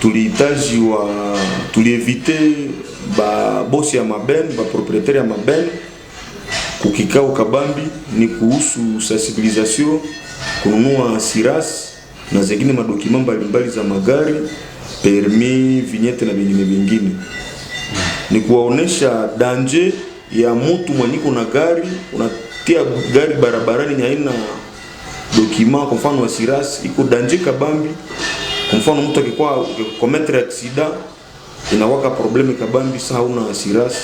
tulihitaji wa tulievite ba bosi ya maben ba proprietaire ya maben kukikao kabambi ni kuhusu sensibilisation kununua siras na zingine madokima mbalimbali za magari permi vinyete na vingine vingine, ni kuwaonesha danje ya mtu mwenyiko na gari unatia gari barabarani, aina dokima kwa mfano wa siras iko danje kabambi. Kwa mfano mtu akikuwa ukikometre aksida inawaka problemi kabambi, saa una asirasi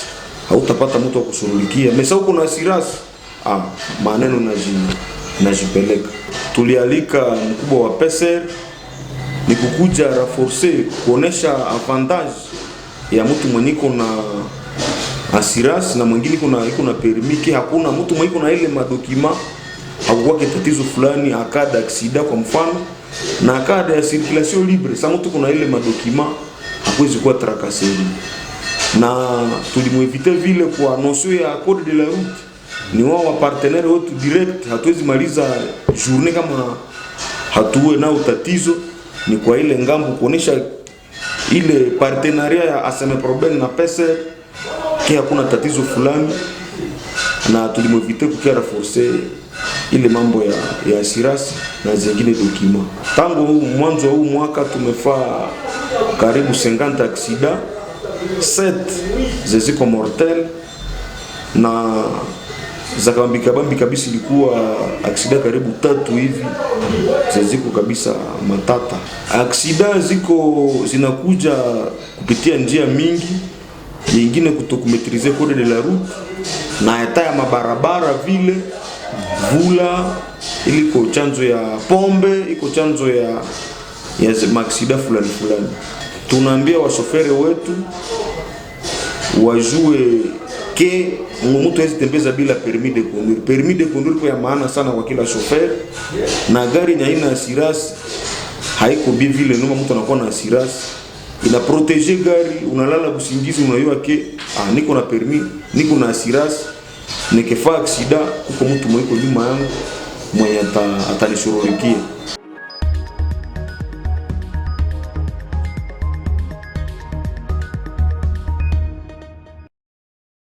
hautapata mtu akusurulikia mesa huko na asirasi ah, maneno najipeleka. Tulialika mkubwa wa peser ni kukuja raforce kuonesha avantage ya mtu mweniko na asirasi na mwingine iko na permiki. Hakuna mtu mweniko na ile madokima hakukwake tatizo fulani akada aksida kwa mfano na kade ya circulation libre sangu tu kuna ile madokima hakuwezi kuwa trakaseri, na tulimwevite vile kwa notion ya code de la route. Ni wao wa partenaire wetu direct, hatuwezi maliza journée kama hatuwe nao tatizo. Ni kwa ile ngambo kuonesha ile partenaria ya ASM Problem na pesa kia hakuna tatizo fulani, na tulimwevite kukia renforcer ile mambo ya, ya asirasi na zingine dokima. Tangu mwanzo wa huu mwaka tumefaa karibu 50 aksida 7 zeziko mortel na za kabambika bambi kabisa, ilikuwa aksida karibu tatu hivi zeziko kabisa matata. Aksida ziko zinakuja kupitia njia mingi yingine kutokumetrize code de la route na eta ya mabarabara vile vula, iliko chanzo ya pombe, iko chanzo ya ya maksida fulani fulani. Tunaambia washoferi wetu wajue ke mtu hawezi tembeza bila permis de conduire. Permis de conduire kwa maana sana kwa kila shofer, na gari ni aina ya siras, haiko bien vile noma, mtu anakuwa na siras ina proteger gari, unalala usingizi, unayua ke ah, niko na permis, niko na siras nikifaa kisida kuko mtu mwiko nyuma yangu mwenye atanishughulikia.